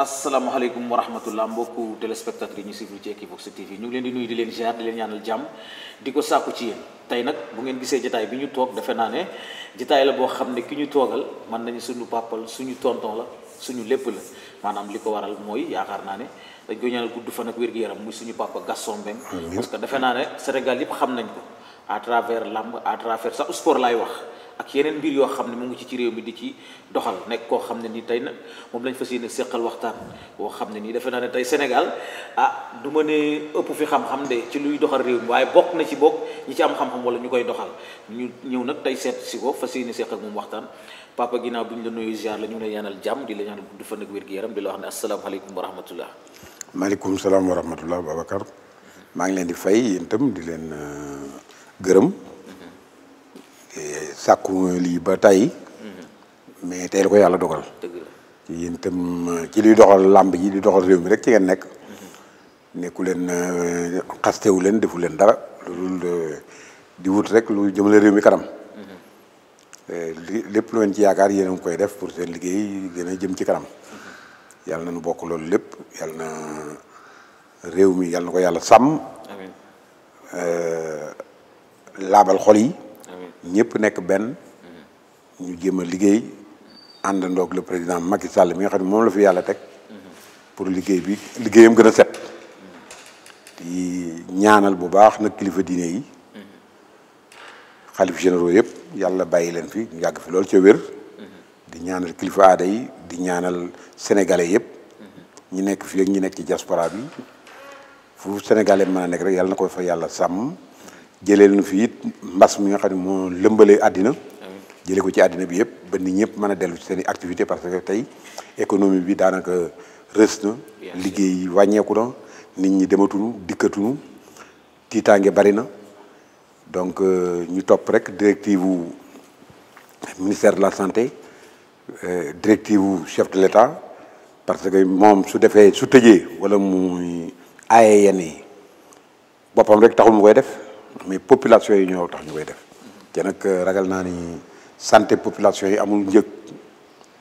asalaamaaleykum wa rahmatullah mbokku téléspectateurs yi ñu suivre ci Equivox TV ñu ngi leen di nuyu di leen ziar di leen ñaanal jàmm di ko sàkku ci yéen tey nag bu ngeen gisee jataay bi ñu toog defe naa ne jataay la boo xam ne ki ñu toogal mën nañu suñu pàppal suñu tonton la suñu lépp la maanaam li ko waral mooy yaakaar naa ne dañ ko ñaanal gudd fan ak wér-gu-yaram muy suñu papa Gaston Mbengue parce que defe naa ne Sénégal yépp xam nañ ko à travers lamb à travers sax sport laay wax ak yeneen mbir yoo xam ne mu ngi ci ci réew mi di ci doxal nekk koo xam ne ni tey nag moom lañ fas yéene seqal waxtaan boo xam ne nii defe naa ne tey Sénégal ah du ma ëpp fi xam-xam de ci luy doxal réew waaye bokk na ci bokk ñi ci am xam-xam wala ñu koy doxal ñu ñëw nag tey seet si ko fas yéene seqal moom waxtaan papa ginnaaw bi ñu la nuyu ziar la ñu ngi lay jàmm di la ñaanal gudd fan ak wér-gu-yaram di la wax ne asalaamaaleykum wa rahmatullah maaleykum salaam wa rahmatullah Babacar maa ngi leen di fay yéen itam di leen euh, gërëm sàkku lii ba tey mhm. mais tey la ko yàlla dogal euh, ci yéen luy doxal làmb ji di doxal réew mi rek ci ngeen nekk mhm. nekku leen euh, xastewu leen defu leen dara loolu euh, di wut rek lu jëmale réew mi kanam mhm. lépp lu leen ci yaakaar yéen a ngi koy def pour seen liggéey gën a jëm ci kanam yàlla na nu bokk loolu lépp yàlla na réew mi yàlla na ko yàlla sàmm laabal xol yi ñëpp nekk benn ñu jéem a liggéey àndandoog le président Macky Sall mi nga xam ne moom la fi yàlla teg pour liggéey bi liggéeyam gën a set di ñaanal bu baax nag kilifa diine yi xalif généraux yëpp yàlla bàyyi leen fi ñu yàgg fi loolu ca wér di ñaanal kilifa aada yi di ñaanal sénégalais yëpp ñi nekk fii ak ñi nekk ci diaspora bi fu sénégalais mën a nekk rek yàlla na ko fa yàlla sàmm jëlee nu fii it mbas mi nga xam ne moo lëmbalee àddina jëlee ko ci àddina bi yëpp ba nit ñëpp mën a dellu ci seen activité parce que tey économie bi daanaka rës na liggéey yi wàññeeku na nit ñi dematunu dikkatunu tiitaange bari na donc euh, ñu topp rek directive wu ministère de la santé euh, directive wu chef de l'État parce que moom su defee su tëjee wala muy aaye yenn yi e, boppam rek taxul mu koy def mais population yi ñoo tax ñu koy def te nag euh, ragal naa ni santé population yi amul njëg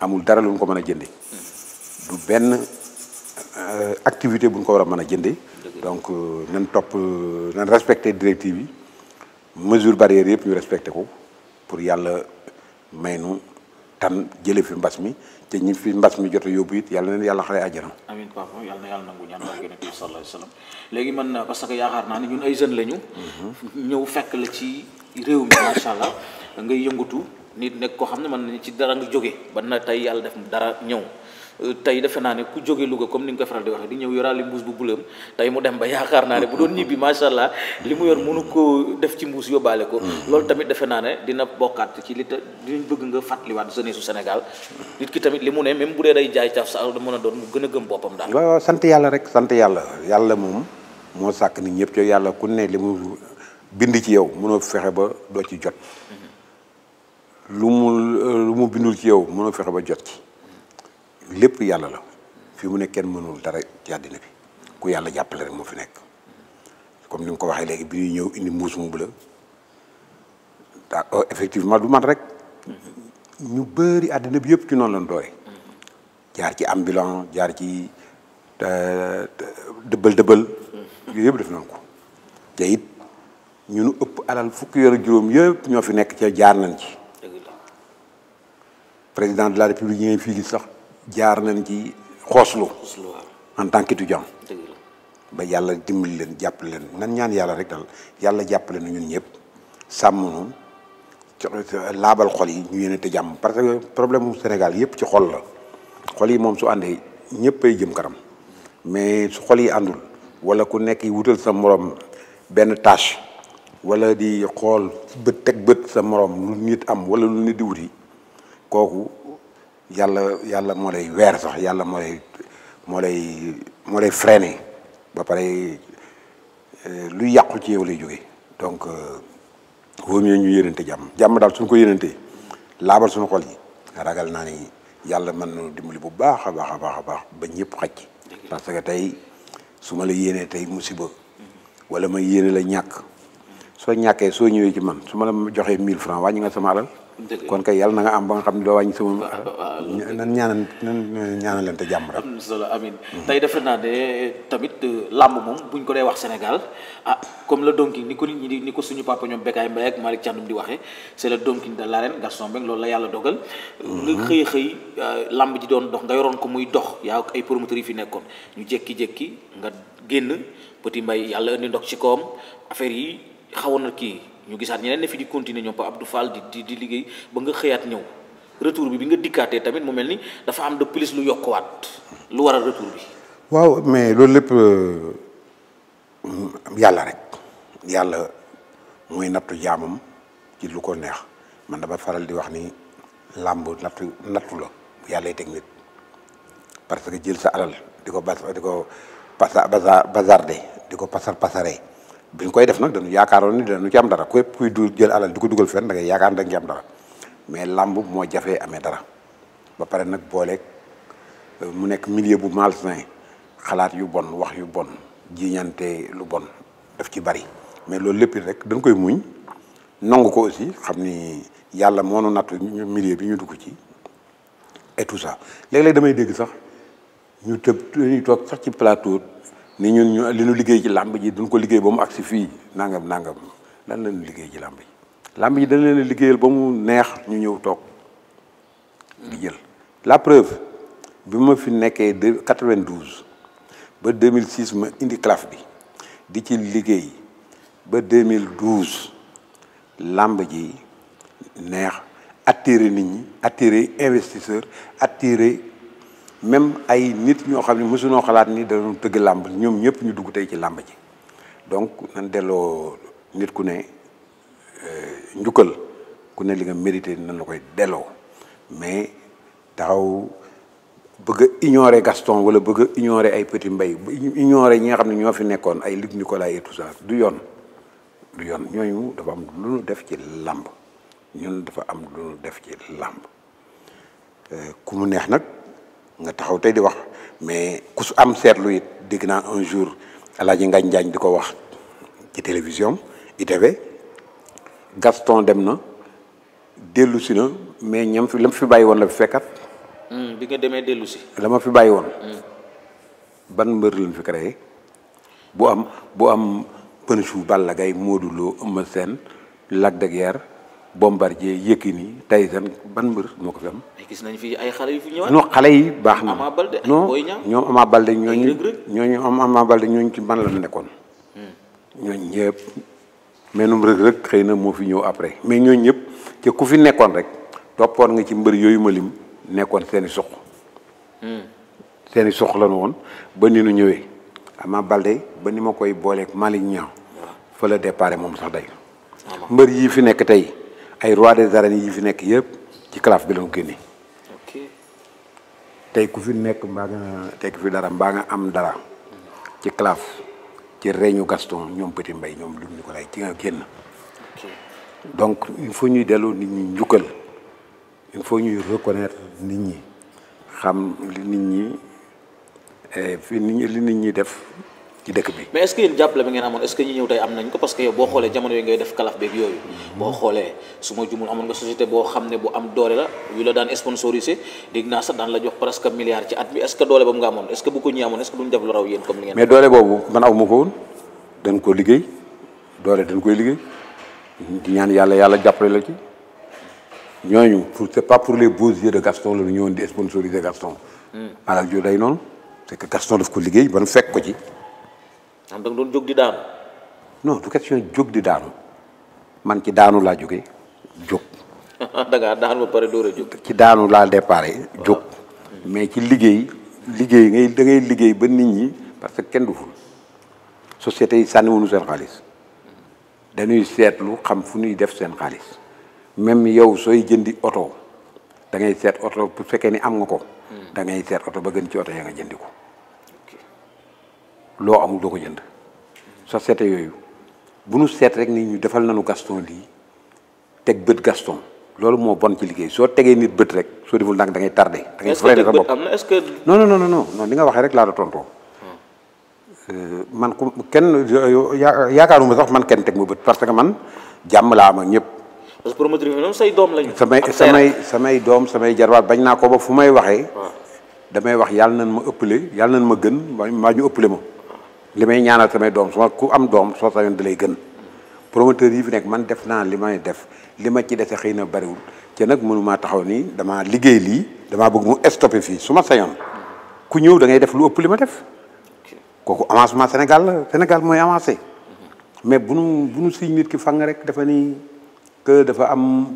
amul dara lu ñu ko mën a jënde du benn euh, activité bu ñu ko war a mën a jënde donc euh, nan topp nan respecté directive yi mesure barrière yëpp ñu respecté ko pour yàlla may nu tam jële fi mbas mi te ñi fi mbas mi jot a yóbbu it yàlla na yàlla xale àjjana amiin papa yàlla na yàlla nangu ñaan barke yonent bi sallallahu alayhi léegi man parce que yaakaar naa ne ñun ay jeunes lañu mhm. ñëw fekk la ci réew mi macha allah ngay yëngatu nit nekk koo xam ne man ci dara nga jóge ba na tey yàlla def dara ñëw tey defe naa ne ku jóge Louga comme ni nga ko faral di waxee di ñëw yoraale mbuus bu bulam tey mu dem ba yaakaar naa ne bu doon ñibbi macha allah li mu yor mënu ko def ci mbuus yóbbaale ko mm-hmm. loolu tamit defe naa ne dina bokkaat ci li ta dinañ bëgg nga fàttaliwaat jeunesse su senegal nit ki tamit li mu ne même bu dee day jaay caaf sa da mën a doon mu gën a gëm boppam daal waaw sant yàlla rek sant yàlla yàlla moom moo sàkk nit ñëpp ci yàlla ku ne li mu bind ci yow mënoo fexe ba doo ci jot mm-hmm. mu lu ci yow mënoo fexe ba jot lépp yàlla la fi mu ne kenn mënul dara ci àddina bi ku yàlla jàppale rek moo fi nekk comme ni nga ko waxee léegi bi ñuy ñëw indi muus mu bu la daa ah, effectivement du man rek ñu bëri àddina bi yëpp ci noonu lañ doore jaar ci ambulant jaar ci euh, dëbbal dëbbal yooyu yëpp def nañ ko te ñu nu ëpp alal fukki yor juróom yëpp ñoo fi nekk ci jaar nañ ci président de la république yi ngay fii gis sax jaar nañ ci xooslu en tant qu'étudiant ba yàlla dimbali leen jàppale leen nan ñaan yàlla rek daal yàlla jàppale na ñun ñëpp sàmm noonu laabal xol yi ñu yéene te jàmm parce que problème mu Sénégal yëpp ci xol la xol yi moom su àndee ñëpp ay jëm kanam mais su xol yi àndul wala ku nekk yi wutal sa moroom benn tâche wala di xool bët teg bët sa moroom lu nit am wala lu nit di wuti kooku yàlla yàlla moo lay weer sax yàlla moo lay moo lay moo ba pare euh, luy yàqu ci yow lay jóge donc euh, vaut mieux ñu te jàmm jàmm daal suñ ko yërantee laabal suñu xol yi ragal naa ni yàlla man na dimbali bu baax a baax a baax a baax ba ñëpp xaj parce que tey su ma la yéenee tey musiba wala ma yéene la ñàkk soo ñàkkee soo ñëwee ci man su ma la joxee 1000 francs wàññi nga sama alal kon kay yàlla na nga am ba nga xam ne doo wàññi sama. nan ñaanal nan ñaanalante jàmm rek. am solo mm-hmm. defe naa ne tamit euh, làmb moom bu ñu ko dee wax Sénégal ah comme le Don King ni ko nit ñi ni ko suñu papa ñoom Bécaye Mbaye ak Malick Thiandoum di waxee c'est le de l'arène Gaston Mbengue loolu la yàlla dogal. Mm-hmm. nga xëy xëy euh, làmb ji doon dox nga yoroon ko muy dox yaa ay promoteurs yi fi nekkoon ñu jékki-jékki nga génn Petit Mbaye yàlla indi ndox ci koom affaire yi xawoon na kii. ñu gisaat ñeneen ne fi di continuer ñoom Pa Abdou Fall di di di liggéey ba nga xëyaat ñëw retour bi bi nga dikkaatee tamit mu mel ni dafa am de plus lu yokkuwaat lu waral retour bi. waaw mais loolu lépp euh, yàlla rek yàlla mooy nattu jaamam ci lu ko neex man dama faral di wax ni làmb nattu nattu yàlla teg nit parce que jël sa alal di ko bas di ko pasa de di ko pasar pasaree bi ñu koy def nag dañu yaakaaroon ni dañu nu am dara képp kuy du jël alal di ko dugal fenn da ngay yaakaar da nga am dara mais làmb moo jafee amee dara ba pare nag booleek euh, mu nekk milieu bu malsain xalaat yu bon wax yu bon jiiñante lu bon daf ci bari mais loolu lépp rek dañ koy muñ nongu ko aussi xam ni yàlla moo nu nattu milieu bi ñu dugg ci et tout ça léeg-léeg damay dégg sax ñu tëb ñu toog sax ci plateau ni ñun ñu li ñu liggéey ci làmb ji duñ ko liggéey ba mu agsi fii nangam nangam lan la liggéey ci làmb ji làmb ji dañ leen liggéeyal ba mu neex ñu ñëw toog di jël la preuve bi ma fi nekkee de 92 ba 2006 ma indi CLAF bi di ci liggéey ba 2012 làmb ji neex attirer nit ñi attirer investisseur attirer même ay nit ñoo xam ne mësunoo xalaat ni dañu tëgg làmb ñoom ñëpp ñu dugg tey ci làmb ji donc nan delloo nit ku ne euh, njukkal ku ne li nga mérité na la koy delloo mais taxaw bëgg a ignorer Gaston wala bëgg a ay Petit Mbay ignorer ñi nga xam ne ñoo fi nekkoon ay Luc Nicolaï et tout ça du yoon du yoon ñooñu dafa am lu nu def ci làmb ñun dafa am lu nu def ci làmb euh, ku mu neex nag nga taxaw tey di wax mais ku su am seetlu it dégg naa un jour Alaaji nga Njaañ di ko wax ci télévision ITV Gaston dem na dellu si na mais ñam fi la ma fi bàyyi woon la fi fekkat hmm, bi nga demee dellu si la ma fi bàyyi woon hmm. ban mbër lañ fi créé bu am bu am Peugeot Balla Gaye Modou Lo Eumeu Sène Lac de Guiers Bombardier Yékini Tyson ban mbër moo ko gis nañ fi ay xale xale yi baax na Ama Balde non ñoom Ama Balde ñooñu ñooñu Ama Balde ñooñu ci ban la nekkoon. Hmm. ñooñu ñëpp. menum rëg rëg xëy na moo fi ñëw après mais ñooñu ñëpp te ku fi nekkoon rek toppoon nga ci mbër yooyu ma lim nekkoon seen i suq. Hmm. seen i suq lan woon ba ni nu ñëwee Ama Balde ba ni ma koy booleek Malick Niang fa la départ moom sax day. mbër yii fi nekk tey. ay roi des arènes yi fi nekk yëpp ci calaf bi la ko tey ku fi nekk mbaa nga tey dara mbaa nga am dara ci calaf ci reñu Gaston ñoom Petit Mbaye ñoom ko Nicolaï ci nga génn donc il faut ñuy delloo nit ñi njukkal il faut ñuy reconnaître nit ñi xam li nit ñi eh, fi nit li nit ñi def ci dëkk bi. mais est-ce que yéen jàppale bi ngeen amoon est-ce que ñi ñëw tey am nañ ko parce yow boo xoolee jamono yi ngay def kalaf beeg yooyu. boo xoolee su ma jumul amoon nga société boo xam ne bu am doole la yu la daan sponsorisé dégg naa sax daan la jox presque milliard ci at mi est-ce que doole boobu liggéey doole dañ koy liggéey di ñaan yàlla yàlla jàppale la ci ñooñu pour c'est pas pour les beaux yeux de Gaston la ñu ñëwoon di sponsoriser Gaston. Hmm. alal jo day noonu c'est que Gaston daf ko liggéey ban fekk ko ci xam da nga doon jóg di daanu. non du question jóg di daanu man ci daanu laa jóge jóg. da ngaa daanu ba pare ci daanu laa déparé jóg mais ci liggéey liggéey ngay da liggéey ba nit ñi parce que kenn du ful société yi sànniwuñu seen xaalis dañuy seetlu xam fu ñuy def seen xaalis même yow sooy jëndi oto da ngay seet oto bu fekkee ni am nga ko. Hmm. da ngay seet oto ba gën ci oto ya nga jëndi ko. loo amul doo ko jënd société yooyu bu nu seet rek ni ñu defal nañu Gaston lii teg bët Gaston loolu moo bon ci liggéey soo tegee nit bët rek soo deful nag da ngay tardé. da ngay freiné sa bopp est que non non non non non li nga waxee rek laa la tontoo. Euh, man ku kenn yaakaaruma sax man kenn teg ma bët parce que man jàmm laa am ak ñëpp. parce que promoteur bi ñoom say doom lañu. samay samay doom samay jarwaat bañ naa ko ba fu may waxee. Ah. damay wax yàlla nañ ma ëppale yàlla nañ ma gën ma ñu ëppale ma. li may ñaanal samay doom suma ku am doom soo sañoon da lay gën promoteur yi fi nekk man def naa li may def li ma ci dese xëy na bariwul te nag mënumaa taxaw nii damaa liggéey lii damaa bëgg mu stoppé fii su ma sañoon ku ñëw da ngay def lu ëpp li ma def kooku avancement Sénégal Sénégal mooy avancé mais bu nu bu nu nit ki fang rek dafa nii que dafa am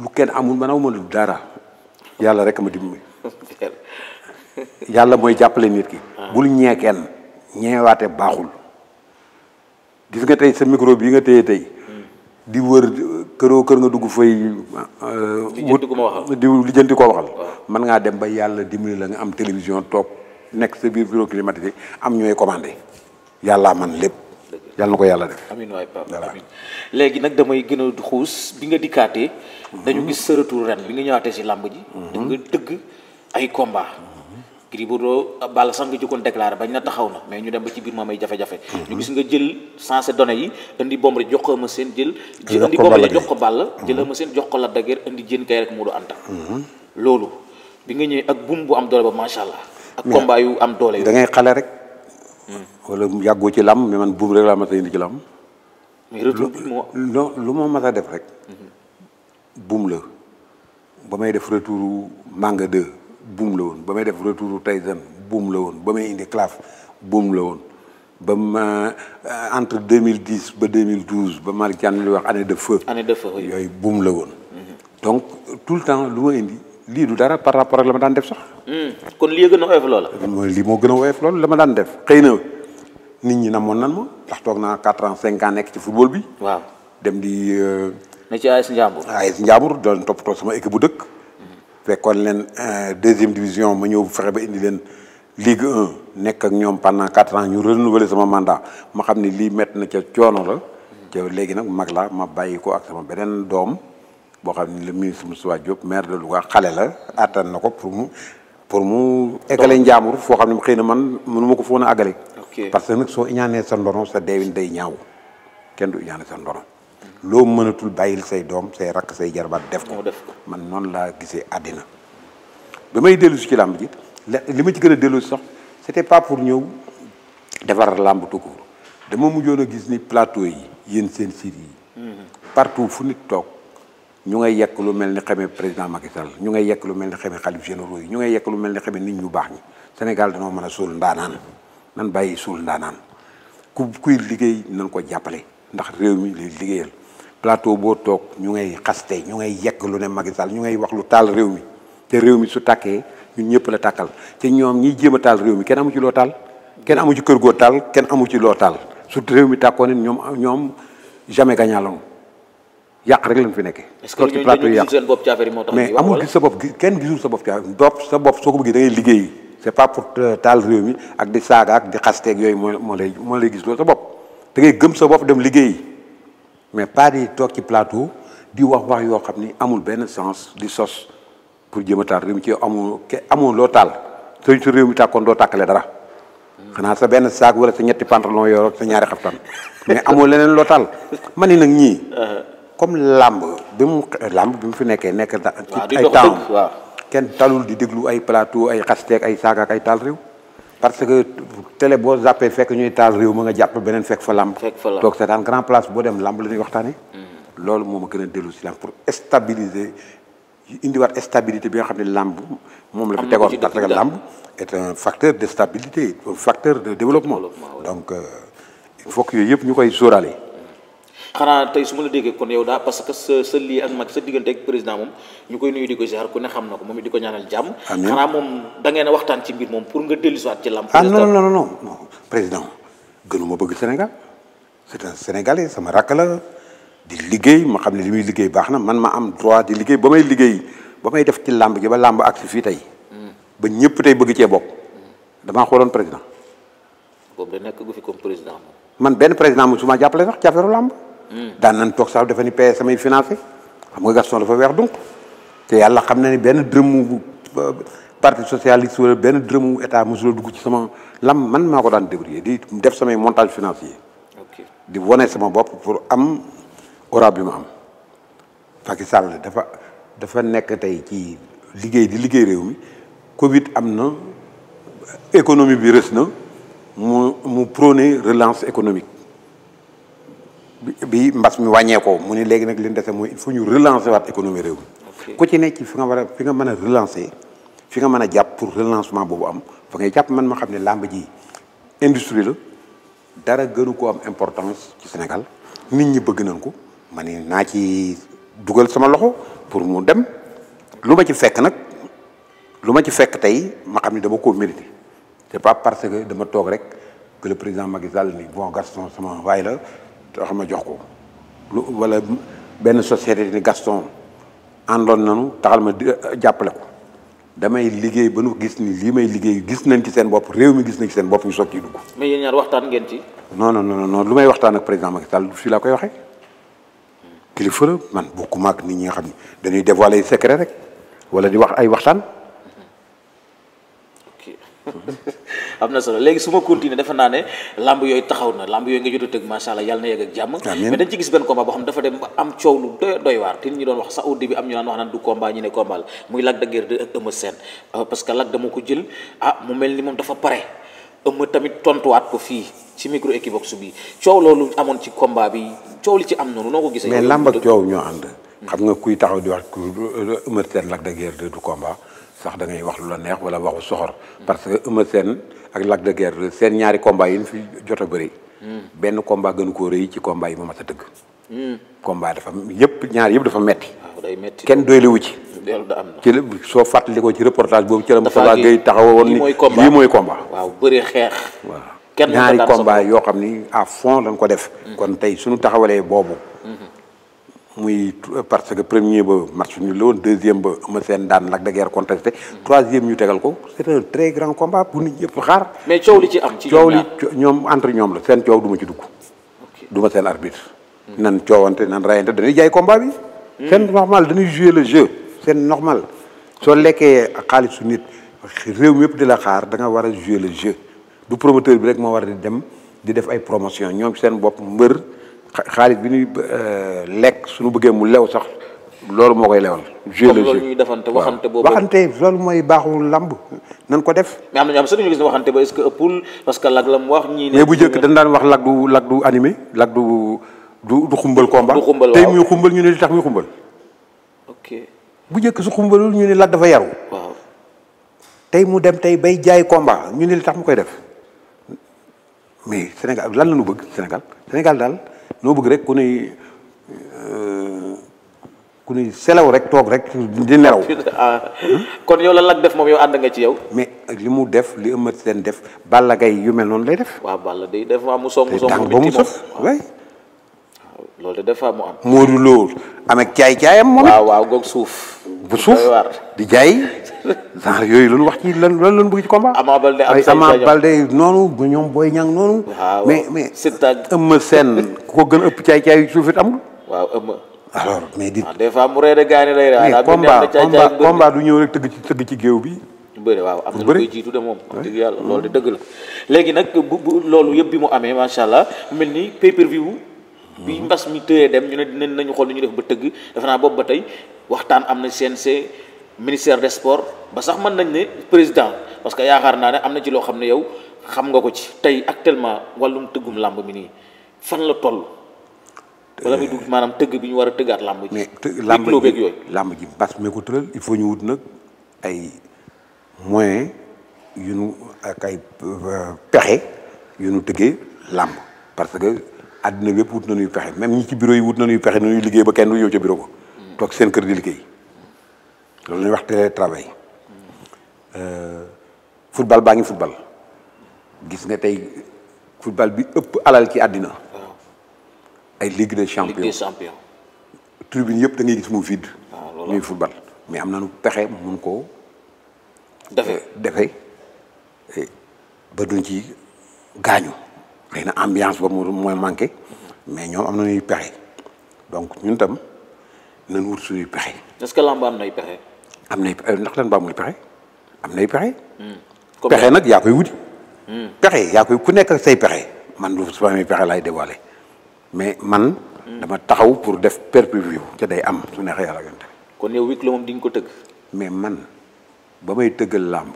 lu kenn amul man awma lu dara yàlla rek ma dimbali yàlla mooy jàppale nit ki ah. bul ñee kenn ñeewaate baaxul gis nga tey sa micro bii nga téye tey di wër këroo kër nga dugg fay wut di lijjanti koo waxal mën ngaa dem ba yàlla dimbali la nga am télévision toog nekk sa biir bureau climatisé am ñooy commandé yàllaa man lépp yàlla na ko yàlla def amiin waay Pape léegi nag damay gën a xuus bi nga dikkaatee dañu mhm. gis sa retour ren bi nga ñëwaatee si làmb ji mhm. da dëgg ay combat Gris Bordeaux Balla sax nga jëkkoon déclaré bañ na taxaw na mais ñu dem ba ci biir moom ay jafe-jafe mhm. ñu gis nga jël sensé données yi indi bombre jox ko Eumeu Sène jël indi bombre jox ko Balla jël mhm. ko Lac de Guiers indi Diène Kaïré rek Modou Anta mhm. loolu bi bu am doole ba macha allah ak combat yu am doole yu da ngay xale rek hmm. wala ci lam mais man buum rek laa mas a indi ci lam mais retour bi moo non ma mas a def rek hmm. buum la ba may def retour manga 2 buum la woon ba may def retour Tyson buum la woon ba may indi claf buum la woon ba ma euh, entre 2010 ba 2012 ba ma Thiam li wax année de feu. année de yooyu buum la woon. Mhm. donc tout le temps lu ma indi lii du dara par rapport ak la ma daan def sax. Hmm. kon lii gën a oyof loola. lii moo gën a oyof loolu la ma daan def xëy na nit ñi namoon nan ma ndax toog naa 4 ans 5 ans nekk ci football bi. waaw dem di. Euh, ne ci AS Ndiambour. AS Ndiambour doon toppatoo sama équipe bu dëkk. fekkoon leen euh, deuxième division ma ñëw fexe ba indi leen Ligue 1 nekk ak ñoom pendant quatre ans ñu renouveler sama mandat ma xam ni lii métti na ca coono la. ca léegi nag mag laa ma bàyyi ko ak sama beneen doom boo xam ne le ministre Moussa Diop maire de Louga xale la attan na ko pour mu pour mu. eggale njaamur foo xam ne xëy na man mënu ma ko foon a àggale. parce que nag soo ñaanee sa ndono sa deewin day ñaaw kenn du ñaanee sa ndono. loo mënatul bàyyil say doom say rakk say jarabaat def ko man noonu laa gisee àddina ba may dellu si ci làmb ji li ma ci gën a dellu si sax c'était pas pour ñëw defar làmb tout court dama mujjoon a gis ni plateau yi yéen seen site yi mhm. partout fu nit toog ñu ngay yekk lu mel ni xamee président Macky ñu nga yekk lu mel ni xamee xalif généraux yi ñu ngay yekk lu mel ni xamee nit ñu baax ñi Sénégal danoo mën a suul ndaanaan nan bàyyi suul ndaanaan ku kuy liggéey nan ko jàppale ndax réew mi lay liggéeyal plateau boo toog ñu ngay xaste ñu ngay yekk lu ne Macky Sall ñu ngay wax lu taal réew mi te réew mi su takkee ñun ñëpp la tàkkal te ñoom ñiy jéem a taal réew mi kenn ci loo taal kenn amu ci kër goo taal kenn amu ci loo taal su réew mi tàkkoo ne ñoom ñoom jamais gañaaloon yàq rek lañ fi nekkee. toog ci plateau yi yàq seen bopp ci affaire yi moo tax mais amul gis sa bopp kenn gisul sa bopp ci bopp sa bopp soo ko bëggee da ngay liggéey c'est pas pour euh, taal réew mi ak di saaga ak di xasteeg yooyu moo moo lay moo lay gis loolu sa bopp da ngay gëm sa bopp dem liggéey mais pas toog ci plateau di wax wax yoo xam ni amul benn sens di sos pour jëm a taal réew mi ci amoo ke loo taal sooñ su réew mi tàkkoon doo tàkkale dara xanaa sa benn saak wala sa ñetti pantalon yoo sa ñaari xaftan mais amoo leneen loo taal ma ni nag ñii comme làmb bi mu làmb bi mu fi nekkee nekk ci kenn talul di déglu ay plateau ay xasteek ay saak ay taal réew parce que télé boo zappee fekk ñuy taal réew ma nga jàpp beneen fekk fa lamb toog seetaan grand place boo dem lamb la ñuy waxtaane hmm. loolu moo ma gën a dellu si lamb pour stabiliser indiwaat stabilité bi nga xam ne lamb moom la fi tegoon parce que lamb est un facteur de stabilité facteur de développement donc euh, il faut que yooyu yëpp ñu koy sóoraale xanaa tey su ma la déggee kon yow daa parce que sa lii ak mag sa diggante ak président moom ñu koy nuyu di ko ziar ku ne xam na ko moom it di ko ñaanal jàmm. amiin xanaa moom da ngeen a waxtaan ci mbir moom pour nga dellusiwaat ci lamb. ah non non non non président gënuma bëgg Sénégal c'est un Sénégalais sama rakk la liggéey ma xam ne li muy liggéey baax na man ma am droit di liggéey ba may liggéey ba may def ci làmb gi ba làmb ak si fii tey. ba ñëpp tey bëgg cee bokk. damaa xooloon président. boobu da nekk gu fi président. man benn président mu su ma jàppale sax ci affaire làmb. daan nañ toog sax dafa ni PS samay financé xam nga Gaston dafa weex donc te yàlla xam na ni benn dërëmu euh, parti socialiste wala benn dërëmu état mosul dugg ci sama lam man maa ko daan débrouiller di def samay montage financier di wone sama bopp pour am aura bi ma am Facky Sall dafa dafa nekk tey ci liggéey di liggéey réew mi Covid am na économie bi rës na mu mu prôné relance économique bi mbas mi wàññeekoo mu ni léegi nag li ñu mooy il faut ñu relancer waat économie réew mi ku ci nekk fi nga war a fi nga mën a relancer fi nga mën a jàpp pour relancement boobu am fa ngay jàpp man ma xam ne làmb ji industrie la dara gënu ko am importance ci Sénégal nit ñi bëgg nañ ko ma ni naa ci dugal sama loxo pour mu dem lu ma ci fekk nag lu ma ci fekk tey ma xam ne dama koo mérité c'est pas parce que dama toog rek que le président Macky Sall ni bon Gaston sama la tax ma jox ko lu wala benn société ni Gaston àndoon nanu taxal ma euh, jàppale ko damay liggéey ba nu gis ni lii may liggéey gis nañ ci seen bopp réew mi gis nañ ci seen bopp ñu soog ci dugg. mais yéen ñaar waxtaan ngeen ci. non non non non lu may waxtaan ak président Macky Sall fii laa koy waxee kilifa la man bokkuma ak nit ñi nga xam ne dañuy dévoiler secret rek wala di wax ay waxtaan. am na solo léegi su ma continuer defe naa ne lamb yooyu taxaw na làmb yooyu nga jot a tëgg macha allah yàlla na yegg ak jàmm mais dañ ci gis benn combat boo am coow lu doy doy waar te ñu doon wax sax au début am ñu naan wax naan du combat euh, parce que Lac dama ko jël ah mu mel ni moom dafa pare Eumeu tamit tontuwaat ko fii ci micro Equivox bi coow loolu amoon ci combat bi coow li ci am noonu noo ko gisee mais lamb ak coow ñoo ànd hmm. xam nga kuy taxaw di wax Eumeu Sène Lac de Guiers 2 du combat sax da ngay wax lu la neex wala waxu soxor. parce que Eumeu seen ak Lac de Guiers seen ñaari combat yi ñu fi jot a bëri. benn combat gënu koo rëy ci combat yi ma mas a tëgg. combat yëpp ñaar yëpp dafa metti ah, day metti kenn doylewu ci. ci la soo fàttali ko ci reportage boobu ci la Moustapha Gueye taxawoon ni lii mooy combat. waaw bëri xeex. waaw ñaari combat yoo xam ni à fond lañ ko def. Mm. kon tey suñu taxawalee boobu. Mm. muy euh, parce que premier ba match ñu la woon deuxième ba ma seen daan Lac de Guiers contesté troisième ñu tegal ko c'est un très grand combat bu nit yëpp xaar. mais coow li am. ci coow li ñoom entre ñoom la seen coow du ma ci dugg. du ma seen arbitre. Hmm. nan coowante nan rayante dañuy jaay combat bi. Hmm. seen normal dañuy jouer le jeu seen normal soo lekkee su nit réew mi yëpp di la xaar danga nga war a jouer le jeu du promoteur bi rek moo war di dem di def ay promotion ñoom seen bopp mbër. xaalis bi ñuy euh, lekk suñu bëggee mu lew sax loolu moo koy lewal. jeu le jeu loolu ñuy defante waxante boobu waxante loolu mooy baaxul lamb nan ko def. mais am na am sax ñu gis waxante ba est-ce parce que la mu wax. ñii ne bu njëkk dañ daan wax lag du lag du animé lag du du du xumbal combat. du xumbal waaw tey muy xumbal ñu ne li tax muy xumbal. ok bu njëkk su xumbalul ñu ni lag dafa yaru. tey mu dem tey bay jaay komba ñu ne li tax mu koy def mais Sénégal lan la ñu bëgg Sénégal Sénégal daal. loo bëgg rek ku nuy ku nuy selew rek toog rek di nelaw. kon yow lan lag def moom yow ànd nga ci yow. mais li mu def li ëmmat seen def Balla Gaye yu mel noonu lay def. waaw Balla de def waaw mu song mu song. mu sëf loolu de des fois mu am. Modou Lo am ak caay caayam moom. waaw waaw goog suuf. bu suuf di jaay. genre yooyu loolu wax ci lan lan lan bëgg ci combat. Ama Balde am noonu bu ñoom Boy Niang noonu. waaw mais mais ëmm seen ku ko gën ëpp caay caay suuf it amul. waaw ëmm. mais di. Ah, des fois mu rëy de gaañ lay mais combat combat ñëw rek tëgg ci tëgg ci géew bi. bëri waaw am na lu de moom yàlla loolu de dëgg la léegi nag loolu yëpp bi mu amee macha allah mel ni pay per bi mbas mi tëyee dem ñu ne dinañ nañu xool ni ñu def ba tëgg defe naa boobu ba tey waxtaan am na CNC ministère de sport ba sax mën nañ ne président parce que yaakaar naa ne am na ci loo xam ne yow xam nga ko ci tey actuellement wàllum tëggum làmb mi nii fan la toll. wala muy dugg maanaam tëgg bi ñu war a tëggaat làmb ji. mais làmb ji làmb ji bas mi ko tëral il faut ñu wut nag ay moyens yu nu ak ay euh, pexe yu nu tëggee làmb parce que. àddina bépp wut na nuy pexe même ñi ci bureau yi wut na nuy pexe nu ñuy liggéey ba kenn du ñëw ca bureau ba. toog seen kër di liggéey loolu la ñuy wax euh, football baa ngi football gis nga tey football bi ëpp alal ci àddina. ay ligue des champions ligue des champions. gis mu vide. waaw ah, ñuy football mais am na nu pexe mun koo. defe defe ba duñ ci gaañu. xëy na ambiance ba mu mooy manqué mais ñoom am na ñuy pexe donc ñun tam nañ wut suñuy pexe. est-ce que làmb am nay pexe. am nay ndax lan ba amul pexe am nay pexe. Hmm. pexe nag yaa koy wuti. Hmm. pexe yaa koy ku nekk say pexe man lu su amee pexe laay dévoilé mais man. Hmm. dama taxaw pour def pay-per-view te day am su neexee yàlla gën kon yow week la moom di nga ko tëgg. mais man ba may tëggal làmb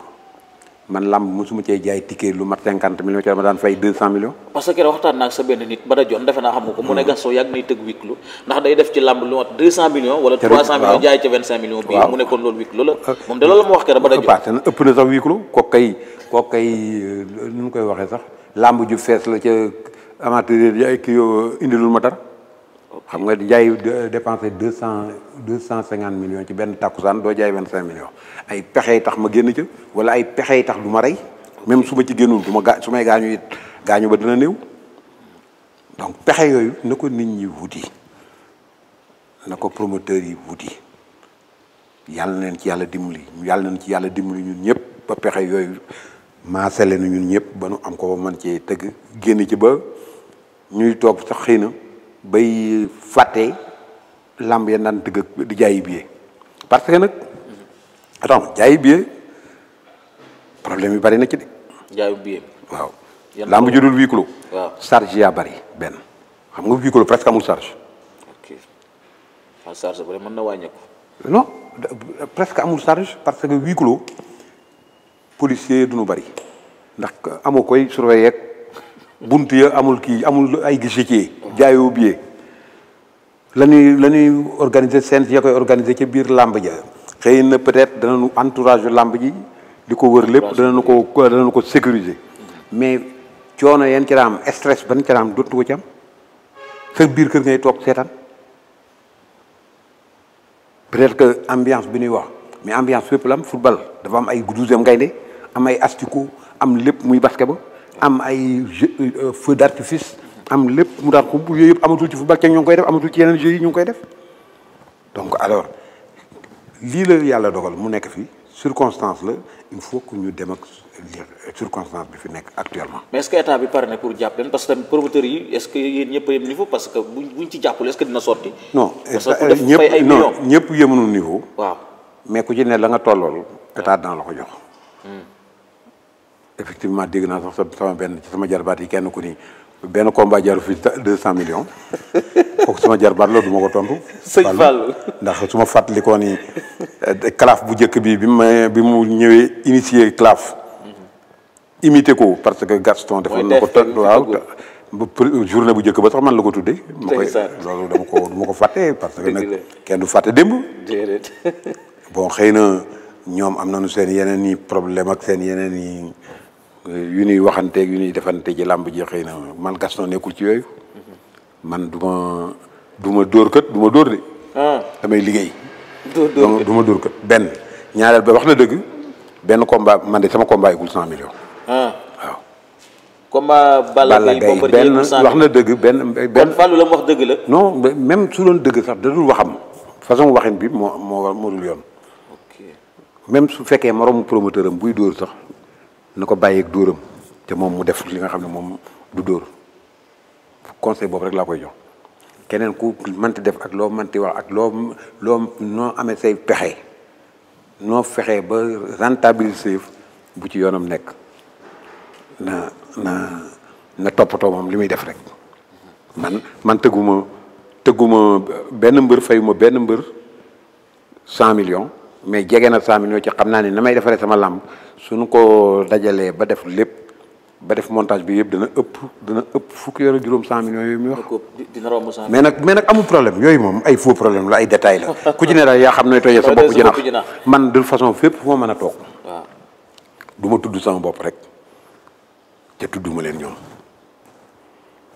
man làmb mosuma cee jaay ticket lu mat cinquante millions ci ma daan fay deux cent millions. parce que waxtaan naa ak sa benn nit ba da naa xam ko. mu ne hmm. Gaston yàgg nay tëgg huis clos ndax day def ci làmb lu mat deux cent millions. wala trois cent millions jaay ca vingt cinq loolu huis clos la. Euh, moom de ma wax keroog ba da jon ëpp na sax huis clos kooku kay kooku kay euh, nu mu koy waxee sax làmb ju fees la ca amateur yi kii yoo lu ma dara. xam nga jaay dépensé deux cent deux cent cinquante millions ci benn tàkkusaan doo jaay vingt cinq millions ay pexey tax ma génn ca wala ay pexe pexey tax du ma rey même su ma ci génnul ma gaa su may gaañu it gaañu ba dina néew donc pexe yooyu ne ko nit ñi wuti ne ko promoteur yi wuti yàlla na leen ci yàlla dimbali yàlla na leen ci yàlla dimbali ñun ñëpp ba pexe yooyu maasale na ñun ñëpp ba nu am ko ba mën cee tëgg génn ci ba ñuy toog sax xëy na bay fàtte lamb yan daan tëgg di jaayi billet parce que nag attends jaayi billet problème yi bari na ci de. jaayu billet waaw. lamb ju dul huis charge yaa bari benn xam nga huis clos presque amul charge. ok ah, mën na wàññeeku. amul charge parce que huis clos policier du ñu bari ndax amoo koy surveiller bunt ya amul kii amul ay guichetier. jaayoo billet la ñuy la ñuy organiser seen ya koy organiser ca biir làmb ja xëy na peut-être danañu entourage làmb ji di ko wër lépp danañu ko danañu ko sécuriser mais coono yeen ci raam stress ban ci raam dootu ko ci am biir kër ngay toog seetaan peut-être que ambiance bi ñuy wax mais ambiance fépp la am football dafa am ay douzième gaynde am ay astiko am lépp muy basket ba am ay euh, feu d'artifice am lépp mu daal xub yooyu yëpp amatul ci football kenn ñu ngi koy def amatul ci yeneen jeux yi ñu ngi koy def donc alors lii la yàlla dogal mu nekk fii circonstance la il faut que ñu dem ak circonstance bi fi nekk actuellement. mais est-ce que état bi pare na pour jàpp leen parce que tamit promoteurs yi est-ce que yéen ñëpp a yem niveau parce que buñ ci jàppale est-ce que dina niveau. mais ku ci ne la nga tollool état dina la ko jox. Hmm. effectivement dégg naa sax sama benn ci sama jarbaat yi kenn ko ni. benn combat jaru fi deux cent millions kooku suma jar baat la du ma ko tontu. sëñ Fall ndax su ma fàttalikoo ni eh, calaf bu njëkk bi bi ma bi mu ñëwee initier calaf. imité ko parce que Gaston defal na ko tontu waaw journée bu njëkk ba sax man la ko tuddee. ma koy loolu dama ko du ma ko fàtte parce que nag kenn du fàtte démb. bon xëy na ñoom am nañu seen yeneen i problème ak seen yeneen i. yu ñuy waxanteeg yu ñuy defante ji làmb ji xëy na man Gaston nekkul ci yooyu man du ma ma dóor kët du ma dóor de. Ah. damay liggéey. dóor dóor du ma dóor kët benn ñaareel ba wax na dëgg benn combat man de sama combat yegul cent millions. Ah. waaw. combat Balla Gaye benn wax dëgg benn. benn kon la mu wax dëgg la. non même su doon dëgg sax da waxam façon waxin bi moo moo moo dul yoon. même su fekkee moroomu promoteur am buy dóor sax na ko bàyyeeg dóoram te moom mu def li nga xam ne moom du dóor conseil boobu rek laa koy jox keneen ku mënti def ak loo manti wax ak loo loo noo amee say pexe noo fexe ba rentabiliser bu ci yoonam nekk na na na toppatoo moom li muy def rek man man tëgguma tëgguma benn mbër fayuma benn mbër cent million mais jege na cent millions ci xam naa ni na may defaree sama làmb suñu koo dajalee ba def lépp ba def montage bi yëpp dana ëpp dana ëpp fukki yoon ak juróom cent millions yooyu muy wax. dina romb cent mais nag mais nag amul problème moom ay faux problème la ay détails la ku ci ne daal yaa xam nooy tojee sa bopp jinax man de façon fépp fu ma mën a toog. waaw du ma tudd sama bopp rek te tudduma leen ñoom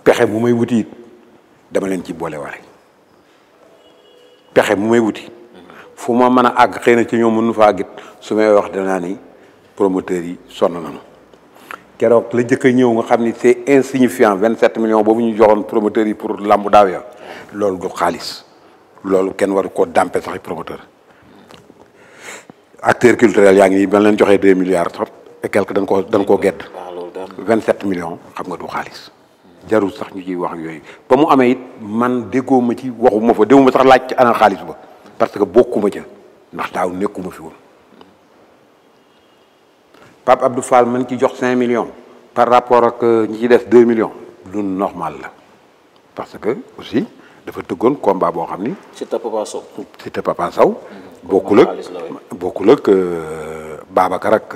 pexe bu may wuti it dama leen ci boole waale pexe bu may wuti. fu ma mën a àgg xëy na ci ñoom nu fa àggit su may wax danaa ni promoteurs yi sonn nañu keroog la jëkk a ñëw nga xam ni c'est vingt 27 millions boobu ñu joxoon promoteurs yi pour làmbu daaw ya loolu du xaalis loolu kenn waru koo dàmpe sax promoteur acteur culturel yaa ngi nii ba leen joxee 2 milliards sax et quelque dañ koo dañ koo gedd 27 ah, millions xam nga du xaalis. jarul sax ñu ciy wax yooyu ba mu amee it man déggoo ma ci waxuma ma fa déggoo ma sax laaj ci ana xaalis ba. parce que bokkuma ca ndax daaw nekkuma fi woon Pape Abdou Fall mën ci jox cinq millions par rapport ak euh, ñi ci def deux millions lu normal la parce que aussi dafa tëggoon combat boo xam ni. c'était Papa Sow. c'était Papa Sow. Mm-hmm. bokkul ak bokkul ak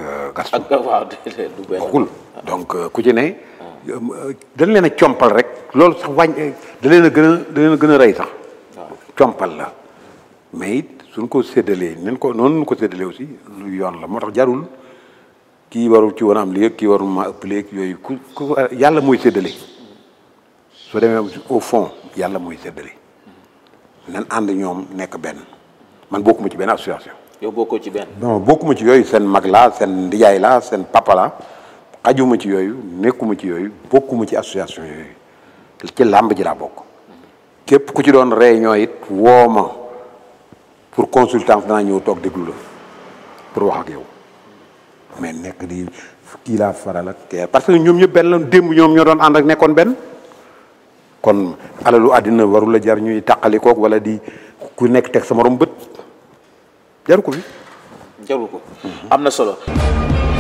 donc euh, ku ci ne. Ah. Euh, dañ leen a compal rek loolu sax wàññi da leen a gën a da a gën a rey sax. Ah. compal la. mais it suñ ko séddalee nañ ko noonu ko séddalee aussi lu yoon la moo tax jarul kii warul ci woon am léegi kii warul ma ëpp léegi yooyu ku ku yàlla mooy séddale soo demee au fond yàlla mooy séddale nan ànd ñoom nekk benn man bokkuma ci benn association. yow bokkoo ci benn. bokkuma ci yooyu seen mag laa seen ndijaay laa seen papa laa ci yooyu nekkuma ci yooyu bokkuma ci association yooyu ci làmb ji laa bokk. képp ku ci doon réunion it woo pour consultance danaa ñëw toog déglu la pour wax ak yow mais nekk di kii laa faral ak kii parce que ñoom ñëpp benn la démb ñoom ñoo doon ànd ak nekkoon benn kon alalu àddina warul a jar ñuy tàqali koog wala di ku nekk teg sa morom bët jaru ko fi jaru ko am na solo